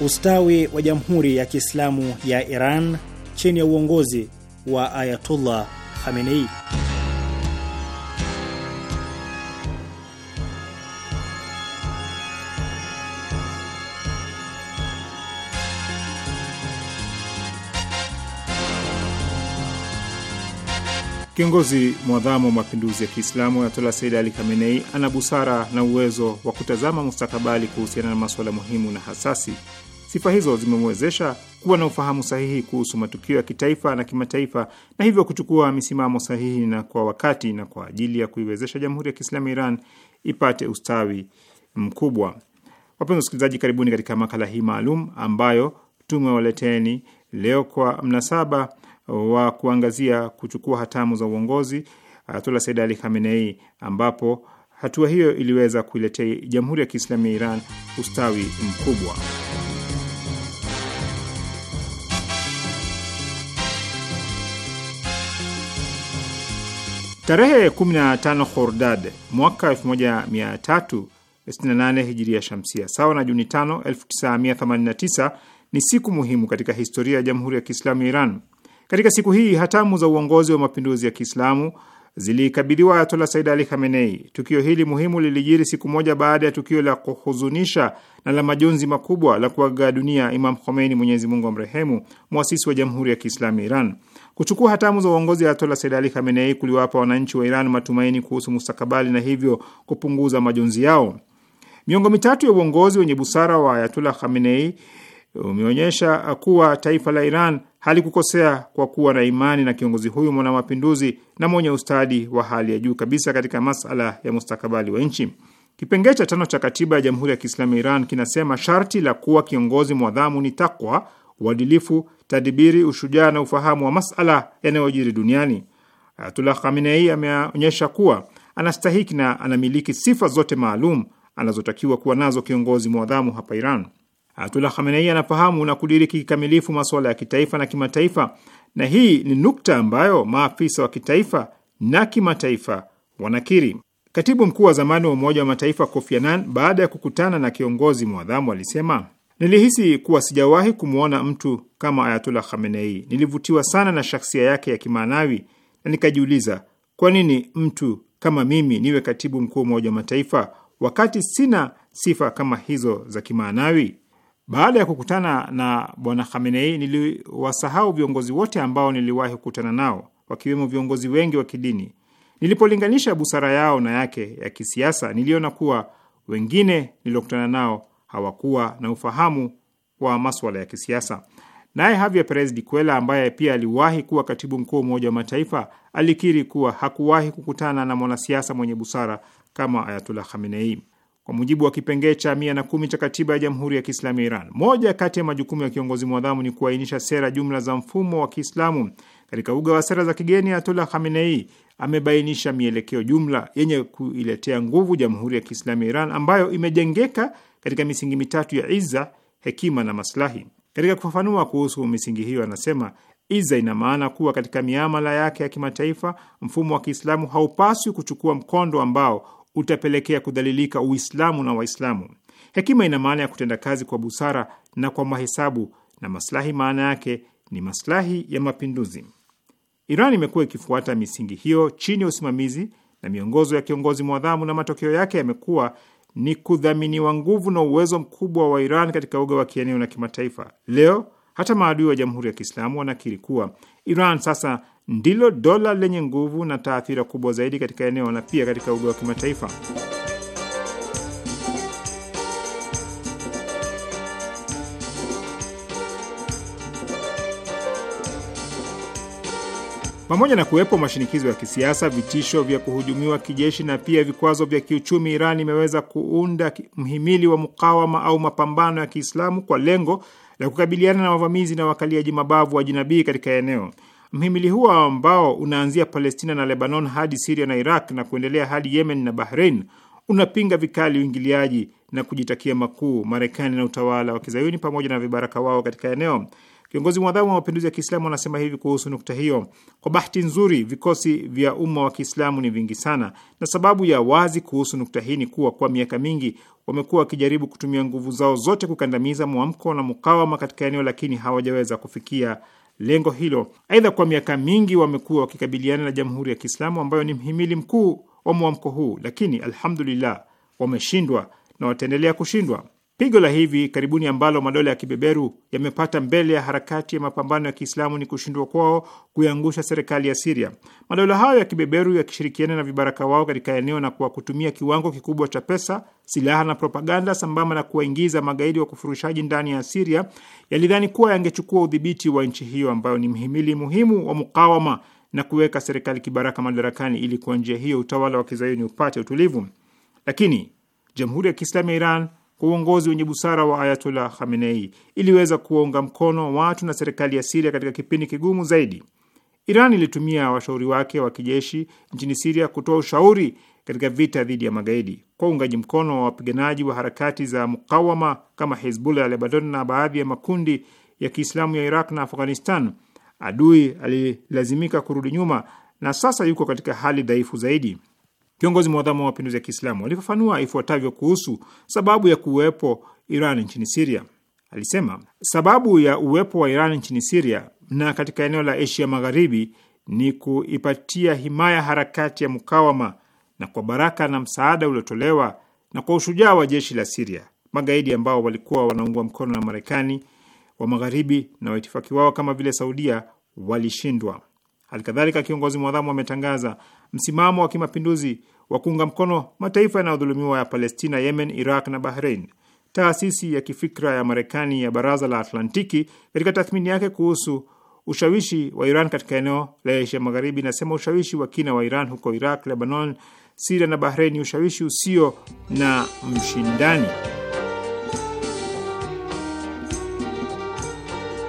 ustawi wa Jamhuri ya Kiislamu ya Iran chini ya uongozi wa Ayatullah Khamenei. Kiongozi mwadhamu wa mapinduzi ya Kiislamu Ayatollah Said Ali Khamenei ana busara na uwezo wa kutazama mustakabali kuhusiana na masuala muhimu na hasasi. Sifa hizo zimemwezesha kuwa na ufahamu sahihi kuhusu matukio ya kitaifa na kimataifa na hivyo kuchukua misimamo sahihi na kwa wakati na kwa ajili ya kuiwezesha Jamhuri ya Kiislamu ya Iran ipate ustawi mkubwa. Wapenzi wasikilizaji, karibuni katika makala hii maalum ambayo tumewaleteni leo kwa mnasaba wa kuangazia kuchukua hatamu za uongozi Ayatullah Said Ali Khamenei, ambapo hatua hiyo iliweza kuiletea Jamhuri ya Kiislamu ya Iran ustawi mkubwa. Tarehe 15 Khordad mwaka 1368 hijiria shamsia, sawa na Juni 5, 1989 ni siku muhimu katika historia ya Jamhuri ya Kiislamu ya Iran. Katika siku hii hatamu za uongozi wa mapinduzi ya Kiislamu zilikabidhiwa Ayatollah Said Ali Khamenei. Tukio hili muhimu lilijiri siku moja baada ya tukio la kuhuzunisha na la majonzi makubwa la kuaga dunia Imam Khomeini, Mwenyezi Mungu amrehemu, mwasisi wa Jamhuri ya Kiislamu ya Iran. Kuchukua hatamu za uongozi Ayatollah Said Ali Khamenei kuliwapa wananchi wa Iran matumaini kuhusu mustakabali na hivyo kupunguza majonzi yao. Miongo mitatu ya uongozi wenye busara wa Ayatollah Khamenei umeonyesha kuwa taifa la Iran halikukosea kwa kuwa na imani na kiongozi huyu mapinduzi na mwenye ustadi wa hali ya juu kabisa katika masala ya mustakabali wa nchi. Kipengee cha tano cha katiba ya Jamhuri ya Kiislamu ya Iran kinasema sharti la kuwa kiongozi mwadhamu ni takwa, uadilifu, tadibiri, ushujaa na ufahamu wa masala yanayojiri duniani. Ayatullah Khamenei ameonyesha kuwa anastahiki na anamiliki sifa zote maalum anazotakiwa kuwa nazo kiongozi mwadhamu hapa Iran. Ayatullah Khamenei anafahamu na kudiriki kikamilifu masuala ya kitaifa na kimataifa, na hii ni nukta ambayo maafisa wa kitaifa na kimataifa wanakiri. Katibu mkuu wa zamani wa Umoja wa Mataifa Kofi Annan, baada ya kukutana na kiongozi mwadhamu, alisema nilihisi kuwa sijawahi kumwona mtu kama Ayatullah Khamenei. Nilivutiwa sana na shaksia yake ya kimaanawi na nikajiuliza, kwa nini mtu kama mimi niwe katibu mkuu wa Umoja wa Mataifa wakati sina sifa kama hizo za kimaanawi? Baada ya kukutana na bwana Khamenei, niliwasahau viongozi wote ambao niliwahi kukutana nao, wakiwemo viongozi wengi wa kidini. Nilipolinganisha busara yao na yake ya kisiasa, niliona kuwa wengine niliokutana nao hawakuwa na ufahamu wa maswala ya kisiasa. Naye Javier Perez de Cuellar ambaye pia aliwahi kuwa katibu mkuu wa Umoja wa Mataifa alikiri kuwa hakuwahi kukutana na mwanasiasa mwenye busara kama Ayatullah Khamenei kwa mujibu wa kipengee cha mia na kumi cha katiba ya Jamhuri ya Kiislamu ya Iran. Moja kati ya majukumu ya kiongozi mwadhamu ni kuainisha sera jumla za mfumo wa Kiislamu. Katika uga wa sera za kigeni, Ayatullah Khamenei amebainisha mielekeo jumla yenye kuiletea nguvu Jamhuri ya Kiislamu ya Iran ambayo imejengeka katika misingi mitatu ya iza, hekima na maslahi. Katika kufafanua kuhusu misingi hiyo, anasema iza ina maana kuwa katika miamala yake ya kimataifa mfumo wa Kiislamu haupaswi kuchukua mkondo ambao utapelekea kudhalilika Uislamu na Waislamu. Hekima ina maana ya kutenda kazi kwa busara na kwa mahesabu, na maslahi maana yake ni maslahi ya mapinduzi. Iran imekuwa ikifuata misingi hiyo chini ya usimamizi na miongozo ya kiongozi mwadhamu, na matokeo yake yamekuwa ni kudhaminiwa nguvu na uwezo mkubwa wa Iran katika uga wa kieneo na kimataifa. Leo hata maadui wa Jamhuri ya Kiislamu wanakiri kuwa Iran sasa ndilo dola lenye nguvu na taathira kubwa zaidi katika eneo na pia katika uga wa kimataifa. Pamoja na kuwepo mashinikizo ya kisiasa, vitisho vya kuhujumiwa kijeshi na pia vikwazo vya kiuchumi, Iran imeweza kuunda mhimili wa mukawama au mapambano ya Kiislamu kwa lengo la kukabiliana na wavamizi na wakaliaji mabavu wa jinabii katika eneo. Mhimili huo ambao unaanzia Palestina na Lebanon hadi Siria na Iraq na kuendelea hadi Yemen na bahrein unapinga vikali uingiliaji na kujitakia makuu Marekani na utawala wa kizayuni pamoja na vibaraka wao katika eneo. Kiongozi mwadhamu wa mapinduzi ya Kiislamu anasema hivi kuhusu nukta hiyo: kwa bahati nzuri, vikosi vya umma wa Kiislamu ni vingi sana, na sababu ya wazi kuhusu nukta hii ni kuwa kwa miaka mingi wamekuwa wakijaribu kutumia nguvu zao zote kukandamiza mwamko na mukawama katika eneo, lakini hawajaweza kufikia lengo hilo. Aidha, kwa miaka mingi wamekuwa wakikabiliana na Jamhuri ya Kiislamu ambayo ni mhimili mkuu wa mwamko huu, lakini alhamdulillah wameshindwa na wataendelea kushindwa. Pigo la hivi karibuni ambalo madola ya kibeberu yamepata mbele ya harakati ya mapambano ya Kiislamu ni kushindwa kwao kuiangusha serikali ya Siria. Madola hayo ya kibeberu yakishirikiana na vibaraka wao katika eneo na kwa kutumia kiwango kikubwa cha pesa, silaha na propaganda, sambamba na kuwaingiza magaidi wa kufurushaji ndani ya Siria, yalidhani kuwa yangechukua udhibiti wa nchi hiyo ambayo ni mhimili muhimu wa mukawama na kuweka serikali kibaraka madarakani, ili kwa njia hiyo utawala wa kizayuni upate utulivu. Lakini jamhuri ya Kiislamu ya Iran kwa uongozi wenye busara wa Ayatullah Khamenei iliweza kuwaunga mkono watu na serikali ya Siria katika kipindi kigumu zaidi. Iran ilitumia washauri wake wa kijeshi nchini Siria kutoa ushauri katika vita dhidi ya magaidi kwa uungaji mkono wa wapiganaji wa harakati za mukawama kama Hizbullah ya Lebanon na baadhi ya makundi ya Kiislamu ya Iraq na Afghanistan. Adui alilazimika kurudi nyuma na sasa yuko katika hali dhaifu zaidi. Viongozi mwadhamu wa mapinduzi ya Kiislamu walifafanua ifuatavyo kuhusu sababu ya kuwepo Iran nchini Siria. Alisema sababu ya uwepo wa Iran nchini Siria na katika eneo la Asia Magharibi ni kuipatia himaya harakati ya mukawama, na kwa baraka na msaada uliotolewa na kwa ushujaa wa jeshi la Siria, magaidi ambao walikuwa wanaungwa mkono na Marekani wa Magharibi na waitifaki wao kama vile Saudia walishindwa. Halikadhalika, kiongozi mwadhamu ametangaza msimamo wa kimapinduzi wa kuunga mkono mataifa yanayodhulumiwa ya Palestina, Yemen, Iraq na Bahrain. Taasisi ya kifikra ya Marekani ya Baraza la Atlantiki katika tathmini yake kuhusu ushawishi wa Iran katika eneo la Asia Magharibi inasema ushawishi wa kina wa Iran huko Iraq, Lebanon, Siria na Bahrein ni ushawishi usio na mshindani.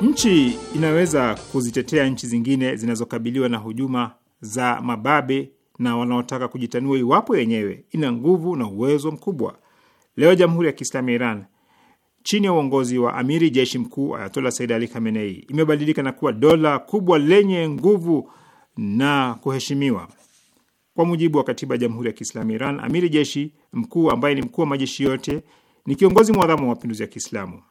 Nchi inaweza kuzitetea nchi zingine zinazokabiliwa na hujuma za mababe na wanaotaka kujitanua iwapo yenyewe ina nguvu na uwezo mkubwa. Leo Jamhuri ya Kiislamu ya Iran chini ya uongozi wa amiri jeshi mkuu Ayatola Said Ali Khamenei imebadilika na kuwa dola kubwa lenye nguvu na kuheshimiwa. Kwa mujibu wa katiba ya Jamhuri ya Kiislamu Iran, amiri jeshi mkuu ambaye ni mkuu wa majeshi yote ni kiongozi mwadhamu wa mapinduzi ya Kiislamu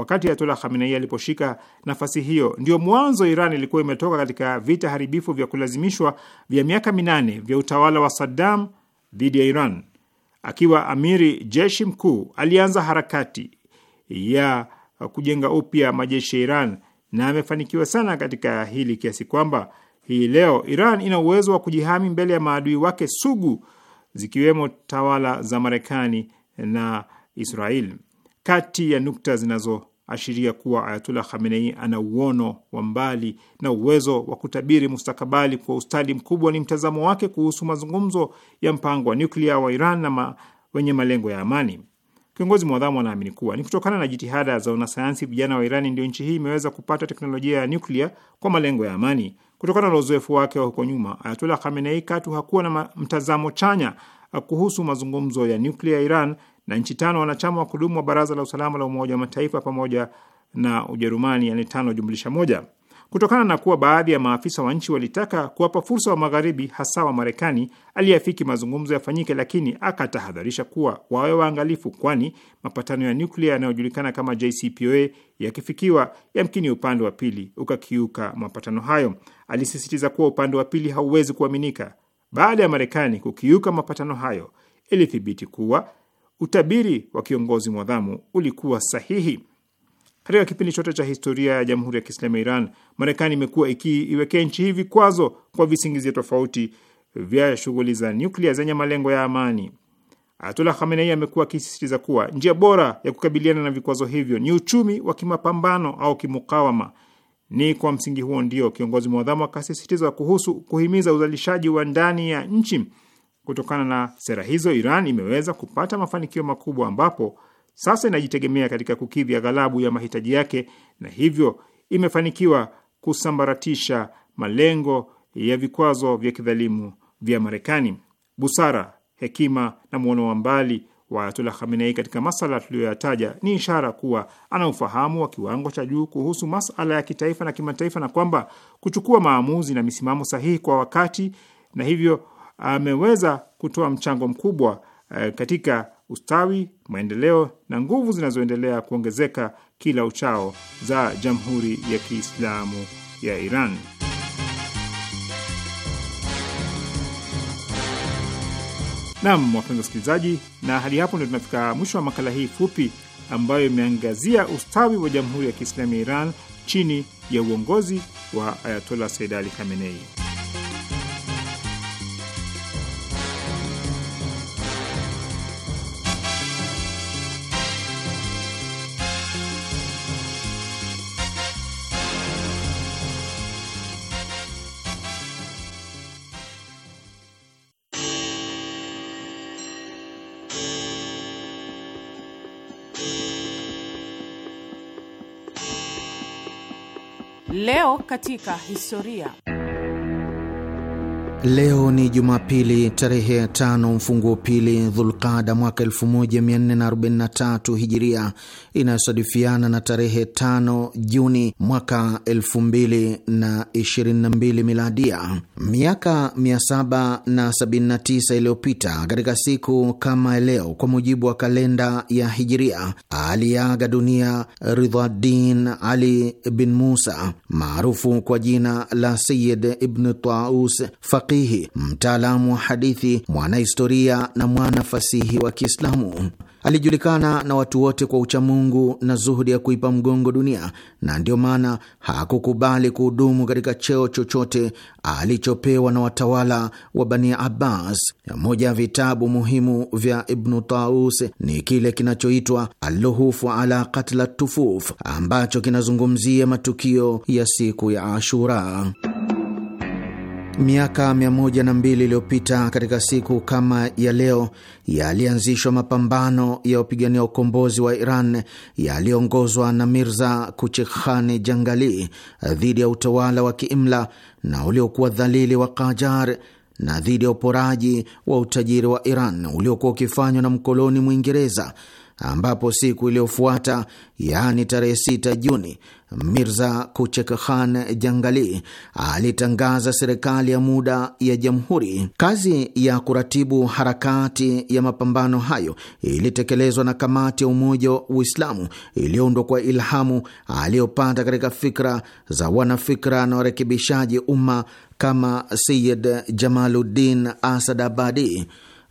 wakati Ayatollah Khamenei aliposhika nafasi hiyo. ndio mwanzo Iran ilikuwa imetoka katika vita haribifu vya kulazimishwa vya miaka minane vya utawala wa Saddam dhidi ya Iran. Akiwa amiri jeshi mkuu, alianza harakati ya kujenga upya majeshi ya Iran na amefanikiwa sana katika hili kiasi kwamba hii leo Iran ina uwezo wa kujihami mbele ya maadui wake sugu zikiwemo tawala za Marekani na Israel. Kati ya nukta zinazo ashiria kuwa Ayatullah Khamenei ana uono wa mbali na uwezo wa kutabiri mustakabali kwa ustadi mkubwa. Ni mtazamo wake kuhusu mazungumzo ya mpango wa nyuklia wa Iran na ma, wenye malengo ya amani. Kiongozi mwadhamu anaamini kuwa ni kutokana na jitihada za wanasayansi vijana wa Irani ndio nchi hii imeweza kupata teknolojia ya nyuklia kwa malengo ya amani. Kutokana na uzoefu wake wa huko nyuma, Ayatullah Khamenei katu hakuwa na mtazamo chanya kuhusu mazungumzo ya nyuklia Iran na nchi tano wanachama wa kudumu wa Baraza la Usalama la Umoja wa Mataifa pamoja na Ujerumani, yani tano jumlisha moja. Kutokana na kuwa baadhi ya maafisa wa nchi walitaka kuwapa fursa wa Magharibi, hasa wa Marekani aliyeafiki mazungumzo yafanyike, lakini akatahadharisha kuwa wawe waangalifu, kwani mapatano ya nuklia yanayojulikana kama JCPOA yakifikiwa, yamkini upande wa pili ukakiuka mapatano hayo. Alisisitiza kuwa upande wa pili hauwezi kuaminika. Baada ya Marekani kukiuka mapatano hayo, ilithibiti kuwa utabiri wa kiongozi mwadhamu ulikuwa sahihi. Katika kipindi chote cha historia ya Jamhuri ya Kiislamu ya Iran, Marekani imekuwa ikiiwekea nchi hii vikwazo kwa visingizio tofauti vya shughuli za nyuklia zenye malengo ya amani. Ayatullah Khamenei amekuwa akisisitiza kuwa njia bora ya kukabiliana na vikwazo hivyo ni uchumi wa kimapambano au kimukawama. Ni kwa msingi huo ndio kiongozi mwadhamu akasisitiza kuhusu kuhimiza uzalishaji wa ndani ya nchi Kutokana na sera hizo, Iran imeweza kupata mafanikio makubwa ambapo sasa inajitegemea katika kukidhi aghalabu ya mahitaji yake na hivyo imefanikiwa kusambaratisha malengo ya vikwazo vya kidhalimu vya Marekani. Busara, hekima na mwono wa mbali wa Ayatullah Khamenei katika masala tuliyoyataja ni ishara kuwa ana ufahamu wa kiwango cha juu kuhusu masala ya kitaifa na kimataifa, na kwamba kuchukua maamuzi na misimamo sahihi kwa wakati na hivyo ameweza kutoa mchango mkubwa eh, katika ustawi, maendeleo na nguvu zinazoendelea kuongezeka kila uchao za Jamhuri ya Kiislamu ya Iran. Nam, wapenzi wasikilizaji, na hadi hapo ndio tunafika mwisho wa makala hii fupi ambayo imeangazia ustawi wa Jamhuri ya Kiislamu ya Iran chini ya uongozi wa Ayatollah Said Ali Khamenei. katika historia. Leo ni Jumapili tarehe tano mfunguo pili Dhulqada mwaka 1443 Hijiria, inayosadifiana na tarehe tano Juni mwaka 2022 Miladia. Miaka 779 iliyopita katika siku kama leo, kwa mujibu wa kalenda ya Hijiria, aliaga dunia ridhadin Ali bin Musa maarufu kwa jina la Sayid Ibn Taus faqihi, mtaalamu wa hadithi, mwanahistoria na mwana fasihi wa Kiislamu. Alijulikana na watu wote kwa uchamungu na zuhudi ya kuipa mgongo dunia, na ndiyo maana hakukubali kuhudumu katika cheo chochote alichopewa na watawala wa Bani Abbas. Moja ya vitabu muhimu vya Ibnu Taus ni kile kinachoitwa Alluhufu ala Katla Tufuf, ambacho kinazungumzia matukio ya siku ya Ashura. Miaka mia iliyopita katika siku kama ya leo yalianzishwa mapambano ya wapigania ukombozi wa Iran yaliyoongozwa na Mirza Kuchikhani Jangali dhidi ya utawala wa kiimla na uliokuwa dhalili wa Kajar na dhidi ya uporaji wa utajiri wa Iran uliokuwa ukifanywa na mkoloni Mwingereza, ambapo siku iliyofuata yaani tarehe 6 Juni Mirza Kuchek Khan Jangali alitangaza serikali ya muda ya jamhuri. Kazi ya kuratibu harakati ya mapambano hayo ilitekelezwa na kamati ya Umoja wa Uislamu iliyoundwa kwa ilhamu aliyopata katika fikra za wanafikra na warekebishaji umma kama Sayid Jamaluddin Asadabadi.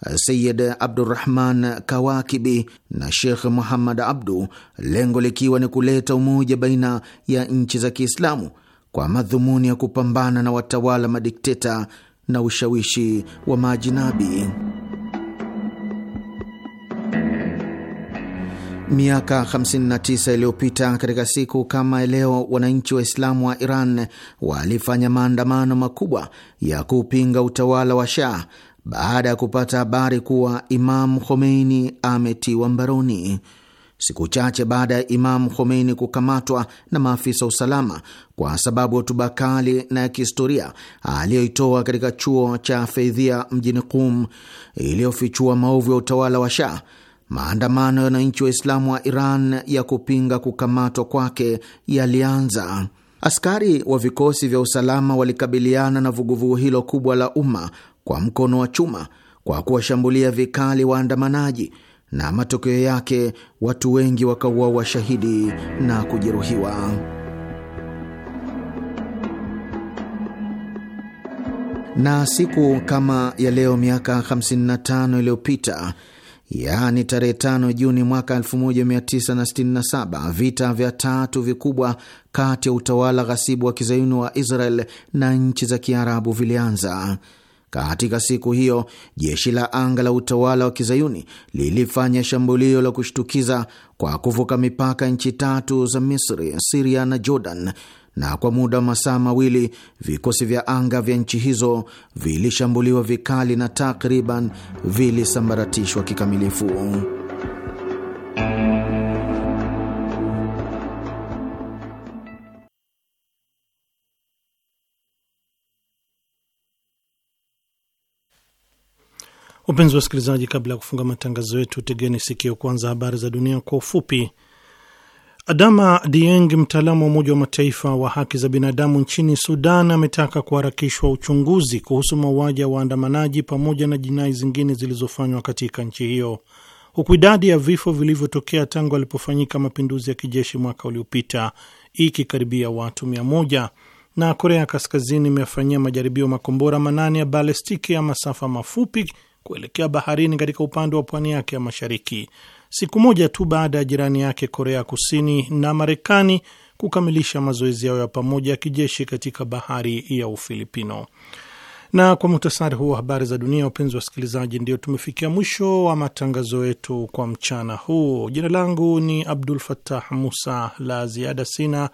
Sayid Abdurahman Kawakibi na Shekh Muhammad Abdu, lengo likiwa ni kuleta umoja baina ya nchi za Kiislamu kwa madhumuni ya kupambana na watawala madikteta na ushawishi wa majinabi Miaka 59 iliyopita katika siku kama leo, wananchi Waislamu wa Iran walifanya maandamano makubwa ya kupinga utawala wa Shah baada ya kupata habari kuwa Imam Khomeini ametiwa mbaroni. Siku chache baada ya Imam Khomeini kukamatwa na maafisa usalama kwa sababu ya hotuba kali na ya kihistoria aliyoitoa katika chuo cha Feidhia mjini Qum, iliyofichua maovu ya utawala wa Shah, maandamano ya wananchi Waislamu wa Iran ya kupinga kukamatwa kwake yalianza. Askari wa vikosi vya usalama walikabiliana na vuguvugu hilo kubwa la umma kwa mkono wa chuma kwa kuwashambulia vikali waandamanaji, na matokeo yake watu wengi wakauawa washahidi na kujeruhiwa. Na siku kama ya leo miaka 55 iliyopita yaani tarehe 5 Juni mwaka 1967 vita vya tatu vikubwa kati ya utawala ghasibu wa kizayuni wa Israel na nchi za kiarabu vilianza. Katika siku hiyo jeshi la anga la utawala wa kizayuni lilifanya shambulio la kushtukiza kwa kuvuka mipaka nchi tatu za Misri, Siria na Jordan, na kwa muda wa masaa mawili vikosi vya anga vya nchi hizo vilishambuliwa vikali na takriban vilisambaratishwa kikamilifu. Wapenzi wasikilizaji, kabla ya kufunga matangazo yetu, tegeni sikio kwanza habari za dunia kwa ufupi. Adama Dieng, mtaalamu wa Umoja wa Mataifa wa haki za binadamu nchini Sudan, ametaka kuharakishwa uchunguzi kuhusu mauaji ya waandamanaji pamoja na jinai zingine zilizofanywa katika nchi hiyo, huku idadi ya vifo vilivyotokea tangu alipofanyika mapinduzi ya kijeshi mwaka uliopita ikikaribia watu mia moja. Na Korea Kaskazini imefanyia majaribio makombora manane ya balestiki ya masafa mafupi kuelekea baharini katika upande wa pwani yake ya mashariki, siku moja tu baada ya jirani yake Korea Kusini na Marekani kukamilisha mazoezi yao ya pamoja ya kijeshi katika bahari ya Ufilipino. Na kwa muhtasari huu wa habari za dunia, wapenzi wa wasikilizaji, ndio tumefikia mwisho wa matangazo yetu kwa mchana huu. Jina langu ni Abdul Fattah Musa. La ziada sina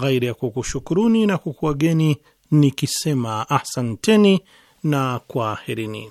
ghairi ya kukushukuruni na kukuageni nikisema ahsanteni na kwaherini.